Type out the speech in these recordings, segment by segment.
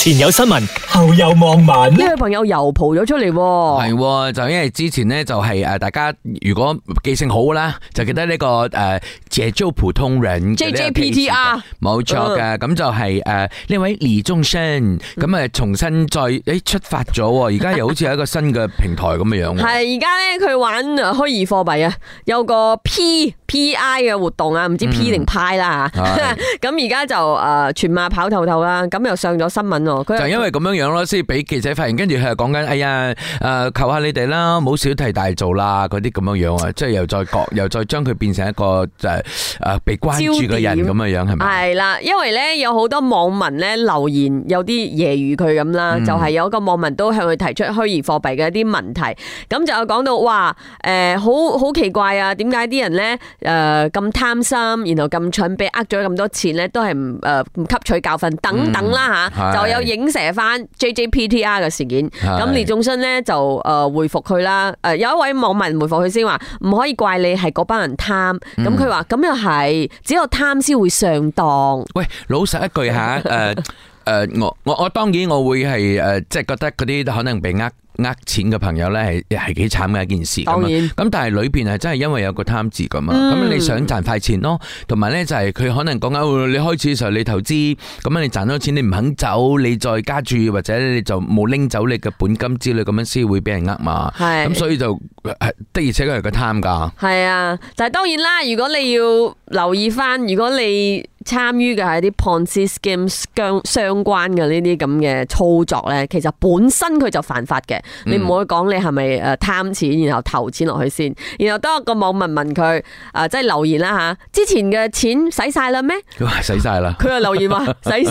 前有新聞，後有網民。呢位 朋友又蒲咗出嚟、啊，係 就是、因為之前呢，就係誒，大家如果記性好啦，就記得呢、這個誒。呃借招普通人 JJPTR 冇錯嘅，咁、嗯嗯、就係誒呢位李宗聖，咁、嗯、啊、嗯、重新再誒、欸、出發咗喎，而家又好似係一個新嘅平台咁嘅樣。係而家咧，佢玩啊虛擬貨幣啊，有個 P P I 嘅活動啊，唔知 P 定派啦吓。咁而家就誒全、呃、馬跑透透啦，咁又上咗新聞。就是、就因為咁樣樣咯，先俾記者發現，跟住佢又講緊，哎呀，誒、呃、求下你哋啦，冇小題大做啦，嗰啲咁樣樣啊，即係又再改，又再將佢變成一個誒、啊，被關注嘅人咁嘅 mitigation 樣係咪？係啦、啊，因為咧有好多網民咧留言，有啲揶揄佢咁啦，就係有一個網民都向佢提出虛擬貨幣嘅一啲問題，咁就講到哇，誒，好好奇怪啊，點解啲人咧誒咁貪心，然後咁蠢，俾呃咗咁多錢咧，都係唔誒唔吸取教訓等等啦吓，就有影射翻 JJPTR 嘅事件，咁李宗聖咧就誒回覆佢啦，誒有一位網民回覆佢先話，唔可以怪你係嗰班人貪，咁佢話。咁又係，只有貪先會上當。喂，老實一句嚇，誒、啊、誒、 啊，我我我當然我會係誒、啊，即係覺得嗰啲可能被呃。呃錢嘅朋友咧，係係幾慘嘅一件事，咁咁然但係裏邊係真係因為有個貪字咁啊，咁、嗯、你想賺快錢咯，同埋咧就係佢可能講緊你開始嘅時候，你投資咁樣你賺咗錢你唔肯走，你再加注或者你就冇拎走你嘅本金之類咁樣先會俾人呃嘛，咁是所以就的而且確係個貪噶，係啊，但係當然啦，如果你要留意翻，如果你參與嘅係啲 Ponzi schemes 相相關嘅呢啲咁嘅操作咧，其實本身佢就犯法嘅。你唔好講你係咪誒貪錢，然後投錢落去先，然後當一個網民問佢誒、呃，即係留言啦、啊、吓，之前嘅錢使晒啦咩？佢話使晒啦，佢又留言話使晒，真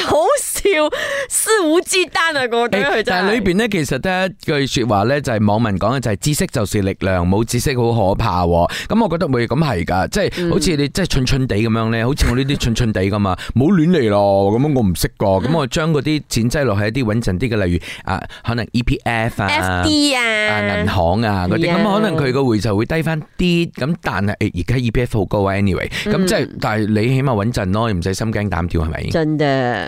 係好。跳肆無忌憚啊！過到去真係裏邊咧，其實得一句說話咧，就係、是、網民講嘅，就係知識就是力量，冇知識好可怕、喔。咁我覺得會咁係噶，即係好似你即係蠢蠢地咁樣咧，好似、嗯、我呢啲蠢蠢地噶嘛，冇亂嚟咯。咁我唔識噶，咁我將嗰啲錢擠落去一啲穩陣啲嘅，例如啊，可能 E P F 啊、S D 啊， 啊、銀、啊、行啊嗰啲。咁、yeah、可能佢個匯就會低翻啲。咁但係而家 E P F 好高啊，Anyway，咁即係，但係、欸 anyway，你起碼穩陣咯，唔使、嗯、心驚膽跳係咪？真嘅。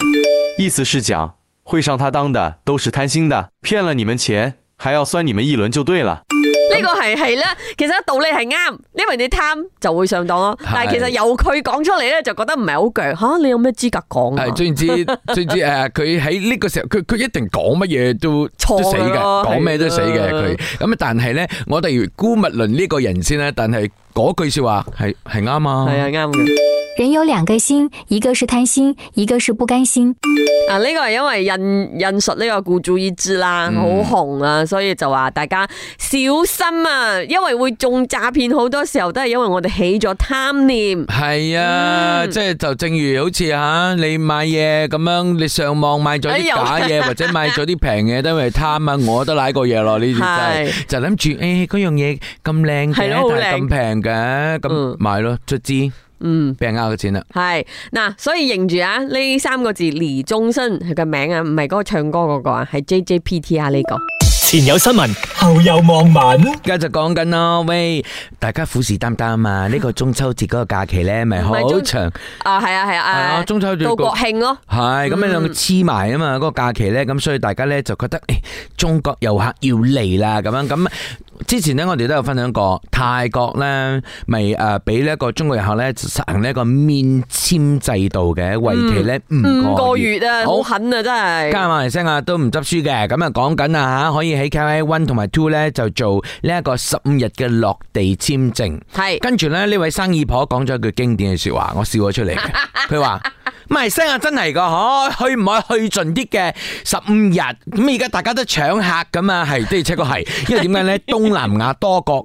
意思是講會上他當的都是貪心的，騙了你們錢，還要酸你們一輪就對啦。呢個係係啦，其實道理係啱，因為你貪就會上當咯。但係其實由佢講出嚟咧，就覺得唔係好腳吓，你有咩資格講、啊？係，總之，總之誒，佢喺呢個時候，佢佢 一定講乜嘢都錯嘅，講咩都死嘅佢。咁的但係咧，我哋姑勿論呢個人先啦，但係嗰句說話係係啱啊，係啊啱嘅。人有兩個心，一個是貪心，一個是不甘心。啊，呢、這個係因為印認熟呢個孤注意志孤注一擲啦，好紅啊，所以就話大家小心啊，因為會中詐騙好多時候都係因為我哋起咗貪念。係啊，嗯、即係就正如好似吓你買嘢咁樣，你上網買咗啲假嘢，哎、呦或者買咗啲平嘢，都係貪啊，我都瀨過嘢咯，呢件真係就諗住誒，嗰樣嘢咁靚嘅，但係咁平嘅咁買咯，出資。嗯，俾人呃咗錢啦，係嗱，所以認住啊，呢三個字李宗聖佢個名啊，唔係嗰個唱歌嗰個啊，係 J J P T R 啊。呢個。前有新聞，後有網民，而家就講緊咯，喂！大家虎視眈眈啊嘛，呢個中秋節嗰個假期咧，咪好長啊，係啊，係啊，中秋節到國慶咯，係咁樣兩個黐埋啊嘛，嗰個假期咧，咁所以大家咧就覺得，誒，中國遊客要嚟啦，咁樣咁之前咧，我哋都有分享過，泰國咧，咪誒俾呢一個中國遊客咧實行呢一個免簽制度嘅，為期咧五個月啊，好狠啊，真係馬來西亞啊，都唔執輸嘅，咁啊講緊啊嚇，可以喺。A K I One 同埋 Two 咧就做呢一個十五日嘅落地簽證，係是，跟住咧呢位生意婆講咗句經典嘅說話，我笑咗出嚟，佢話。 唔係，聲啊 真係㗎，去可去唔去去盡啲嘅十五日？咁而家大家都搶客噶嘛，係即而且確係，因為點解咧？東南亞多國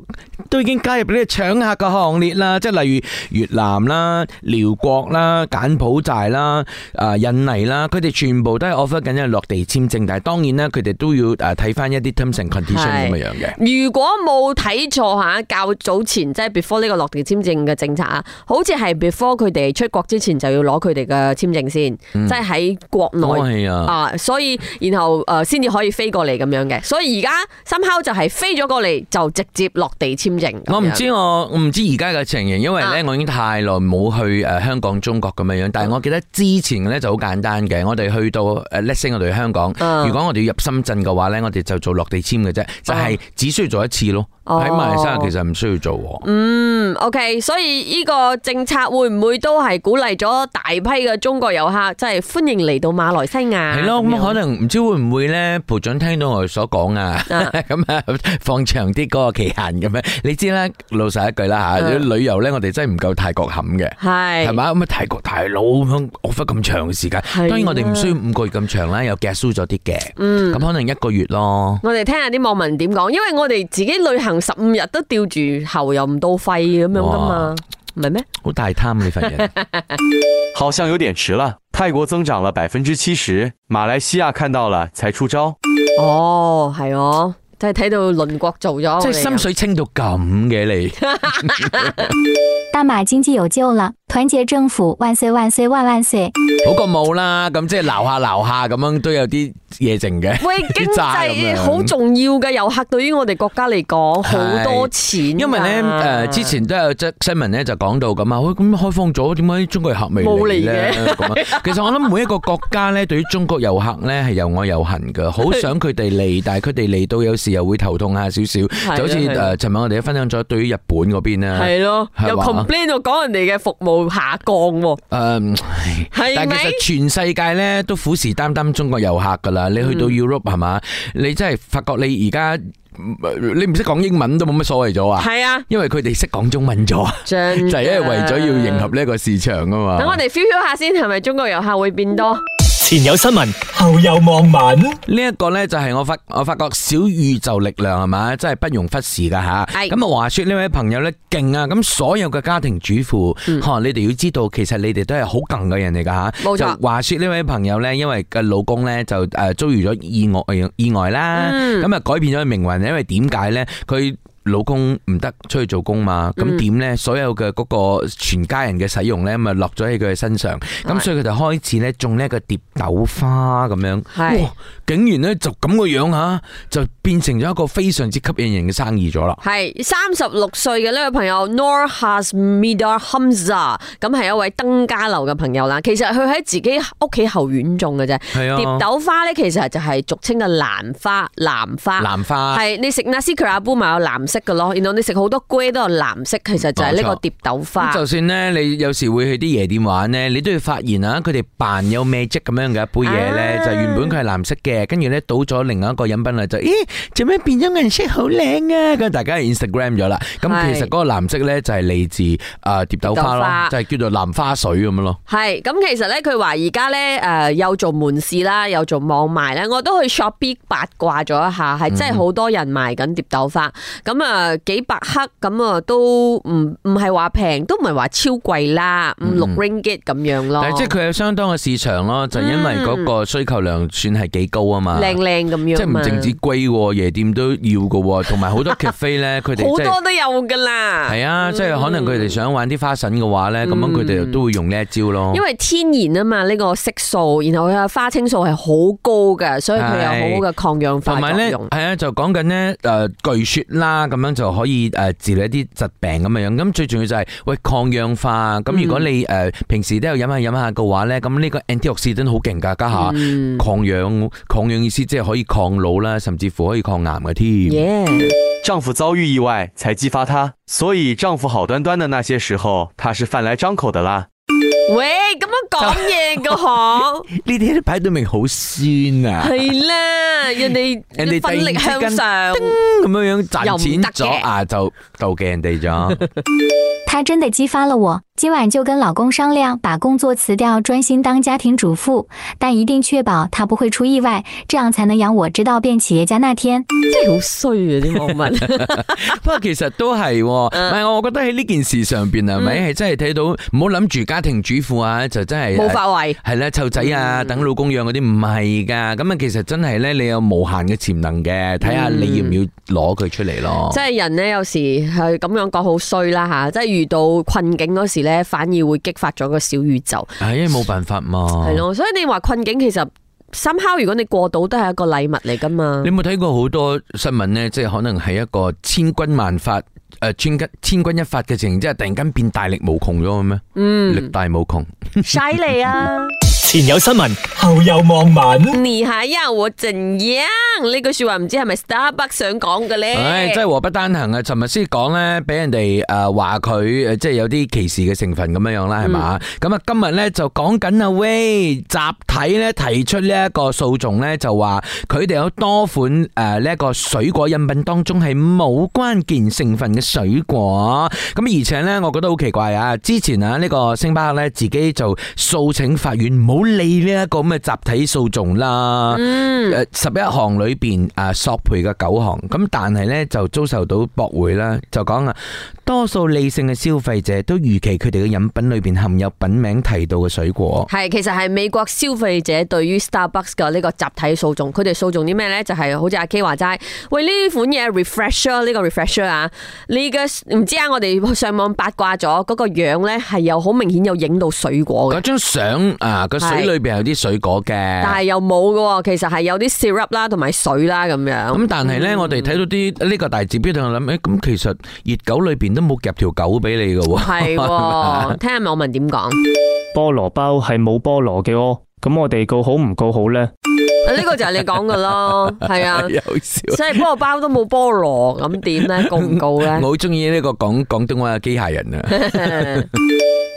都已經加入呢個搶客嘅行列啦，即係例如越南啦、寮國啦、柬埔寨啦、啊印尼啦，佢哋全部都係 offer 緊一落地簽證，但係當然啦，佢哋都要誒睇翻一啲 terms and conditions 咁嘅樣嘅。如果冇睇錯嚇，較早前即係、就是、before 呢個落地簽證嘅政策啊，好似係 before 佢哋出國之前就要攞佢哋嘅簽證先，嗯、即係喺國內、嗯、啊，啊，所以然後誒先至可以飛過嚟咁樣嘅。所以而家深烤就係飛咗過嚟就直接落地簽證我。我唔知我唔知而家嘅情形，因為咧我已經太耐冇去誒香港、中國咁樣樣。但係我記得之前咧就好簡單嘅，我哋去到誒 lessing 我哋香港。如果我哋要入深圳嘅話咧，我哋就做落地簽嘅啫，就係、是、只需要做一次咯。喺馬來西亞其實唔需要做。哦、嗯，OK，所以呢個政策會唔會都係鼓勵咗大批嘅？中國遊客真係歡迎嚟到馬來西亞。係咯，咁可能唔知會唔會咧？部長聽到我哋所講啊，咁啊放長啲嗰個期限咁樣。你知啦，老實一句啦嚇，啲旅遊咧我哋真係唔夠泰國冚嘅，係係嘛？咁啊，泰國大佬咁惡忽咁長嘅時間。當然我哋唔需要五個月咁長啦，又夾輸咗啲嘅。嗯，咁可能一個月咯。我哋聽下啲網民點講，因為我哋自己旅行十五日都吊住喉又唔到肺咁樣噶嘛。唔係咩？好大貪，你發現 好像有點遲了。泰國增長了百分之七十，馬來西亞看到了才出招。哦，係哦，即係睇到鄰國做咗，即係心水清到咁嘅你。 大馬經濟有救啦！團結政府萬歲萬歲萬萬歲！好過冇啦，咁即係樓下樓下咁樣都有啲嘢剩嘅。喂，經濟好重要嘅，遊客對於我哋國家嚟講好多錢。因為咧，誒，之前都有則新聞咧，就講到咁啊，喂，咁開放咗，點解中國遊客未冇嚟咧？咁啊，其實我諗每一個國家咧，對於中國遊客咧係又愛又恨噶，好想佢哋嚟，但係佢哋嚟到有時又會頭痛啊少少，就好似誒，尋晚我哋都分享咗，對於日本嗰邊啊，係咯，呢度講人哋嘅服務下降喎、啊，誒、嗯，但係其實全世界咧都虎視眈眈中國遊客噶啦，你去到 Europe 係嘛、嗯，你真係發覺你而家你唔識講英文都冇乜所謂咗啊，係啊，因為佢哋識講中文咗 J inger. 就係因為為咗要迎合呢個市場啊嘛，等我哋 feel feel 下先，係咪中國遊客會變多？前有新聞，後有網民。呢一個呢，就係我發我發覺小宇宙力量係嘛，真係不容忽視噶吓。咁啊是，話說呢位朋友呢，勁啊，咁所有嘅家庭主婦，嗬、嗯啊，你哋要知道，其實你哋都係好勁嘅人嚟噶吓。冇錯。就話說呢位朋友呢，因為嘅老公呢，就誒遭遇咗意外意外啦，咁啊、嗯、改變咗佢命運。因為點解呢？佢老公唔得出去做工嘛，咁點咧？所有嘅嗰個全家人嘅使用咧，咪落咗喺佢嘅身上。咁所以佢就開始咧種呢一個蝶豆花咁樣，哇！竟然咧就咁個樣啊，就變成咗一個非常之吸引人嘅生意咗啦。係三十六歲嘅呢位朋友 Norhasmiddah Hamza，咁係一位登嘉樓嘅朋友啦。其實佢喺自己屋企後院種嘅啫。係啊，蝶豆花咧其實就係俗稱嘅蘭花，蘭花，蘭花係你食 Nasi Kerabu，咪有藍。色噶咯，然後你食好多龜都係藍色，其實就係呢個蝶豆花。就算咧，你有時會去啲夜店玩咧，你都會發現啊，佢哋扮有咩啫咁樣嘅一杯嘢咧，就原本佢係藍色嘅，跟住咧倒咗另外一個飲品嚟就，咦，做咩變咗顏色好靚啊？跟住大家 instagram 咗啦。咁是其實嗰個藍色咧就係嚟自誒蝶豆花咯，花就係叫做藍花水咁樣咯。係咁，其實咧佢話而家咧誒又做門市啦，又做網賣咧，我都去 shop 啲八卦咗一下，係真係好多人賣緊蝶豆花咁。嗯咁啊，幾百克咁啊，都唔唔係話平，都唔係話超貴啦，五六 ringgit 咁樣咯、嗯。即係佢有相當嘅市場咯，就因為嗰個需求量算係幾高啊嘛。靚靚咁樣，即係唔淨止貴喎，夜店都要㗎喎，同埋好多 cafe 咧，佢哋好多都有㗎啦。係啊，即係可能佢哋想玩啲花臣嘅話咧，咁、嗯、樣佢哋都會用呢一招咯。因為天然啊嘛，呢、呢個色素，然後佢嘅花青素係好高嘅，所以佢有好好嘅抗氧化作用。係啊，就講緊咧誒，據説啦。咁樣就可以誒治療一啲疾病咁樣樣，咁最重要就係、是、喂抗氧化，咁如果你誒、呃、平時都有飲下飲下嘅話咧，咁呢個 antioxidant 真 d 好勁噶家下，抗氧抗氧意思即係可以抗老啦，甚至乎可以抗癌嘅添。Yeah. 丈夫遭遇意外才激發他，所以丈夫好端端的那些時候，他是飯來張口的啦。喂，咁樣講嘢嘅可？呢啲喺度擺到明好酸啊！係啦，人哋人哋奮力向上，咁 樣樣賺錢咗啊，就就妒忌人哋咗。 他真的激發了我，今晚就跟老公商量，把工作辭掉，專心當家庭主婦，但一定確保他不會出意外，這樣才能養我直到變企業家那天。真係好衰啊！呢個問，不過其實都係、哦，唔係我我覺得喺呢件事上邊係咪係真係睇到唔好諗住家庭主。支付啊，就真係冇發圍，係咧湊仔啊，等老公養嗰啲唔係噶，咁、嗯、啊 其實真係咧，你有無限嘅潛能嘅，睇下你要唔要攞佢出嚟咯、嗯。即係人咧，有時係咁樣講好衰啦吓，即係遇到困境嗰時咧，反而會激發咗個小宇宙。係、哎，因為冇辦法嘛。係咯，所以你話困境其實。心烤，如果你過到都係一個禮物嚟噶嘛？你有冇睇過好多新聞呢？即係可能係一個千鈞萬發誒、啊，千鈞千鈞一發嘅情形，即係突然間變大力無窮咗嘅咩？嗯，力大無窮，犀利啊！ 前有新聞，後有網民，你係又我怎樣？句是是呢句說話唔知係咪 Starbucks 想講嘅咧？唉、哎，真係禍不單行啊！尋日先講咧，俾人哋誒話佢誒，即係有啲歧視嘅成分咁樣樣啦，係嘛？咁啊、嗯，今日咧就講緊啊 Way 集體咧提出呢一個訴訟咧，就話佢哋有多款誒呢一個水果飲品當中係冇關鍵成分嘅水果。咁而且咧，我覺得好奇怪啊！之前啊，呢、這個星巴克咧自己就訴請法院冇。好利呢一個咁嘅集體訴訟啦，誒、嗯嗯、十一項裏邊誒索賠嘅九項，咁但係咧就遭受到駁回啦，就講啊，多數理性嘅消費者都預期佢哋嘅飲品裏邊含有品名提到嘅水果。係、嗯，其實係美國消費者對於 Starbucks 嘅呢個集體訴訟，佢哋訴訟啲咩咧？就係、是、好似阿 K 話齋，喂呢款嘢 refresher 呢個 refresher 啊，你嘅唔知啊，我哋上網八卦咗嗰、那個樣咧，係有好明顯有影到水果嘅。嗰張相啊，嗯啊水裏邊有啲水果嘅，但係又冇嘅。其實係有啲 syrup 啦，同埋水啦咁樣。咁但係咧，我哋睇到啲呢個大字標題，我諗誒，咁其實熱狗裏邊都冇夾條狗俾你嘅喎。係，聽下網民點講。菠蘿包係冇菠蘿嘅哦。咁我哋告好唔告好咧？呢個就係你講嘅咯。係啊，即係菠蘿包都冇菠蘿，咁點咧？告唔告咧？我好中意呢個講廣東話嘅機械人啊！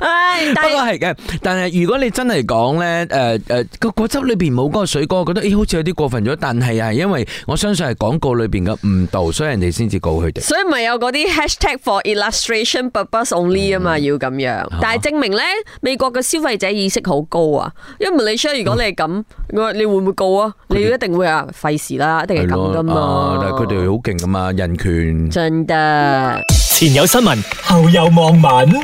唉，哎、不過係嘅，但係如果你真係講咧，誒誒個果汁裏邊冇嗰個水果，我覺得咦，好似有啲過分咗。但係係因為我相信係廣告裏邊嘅誤導，所以人哋先至告佢哋。所以咪有嗰啲 hashtag for illustration purpose only 啊嘛，要咁樣。但係證明咧，啊、美國嘅消費者意識好高啊。因為你 share 如果你係咁，嗯、你會唔會告啊？他們 你一定會啊，費事啦，一定係咁噶嘛。但係佢哋好勁噶嘛，人權真嘅。得前有新聞，後有網民。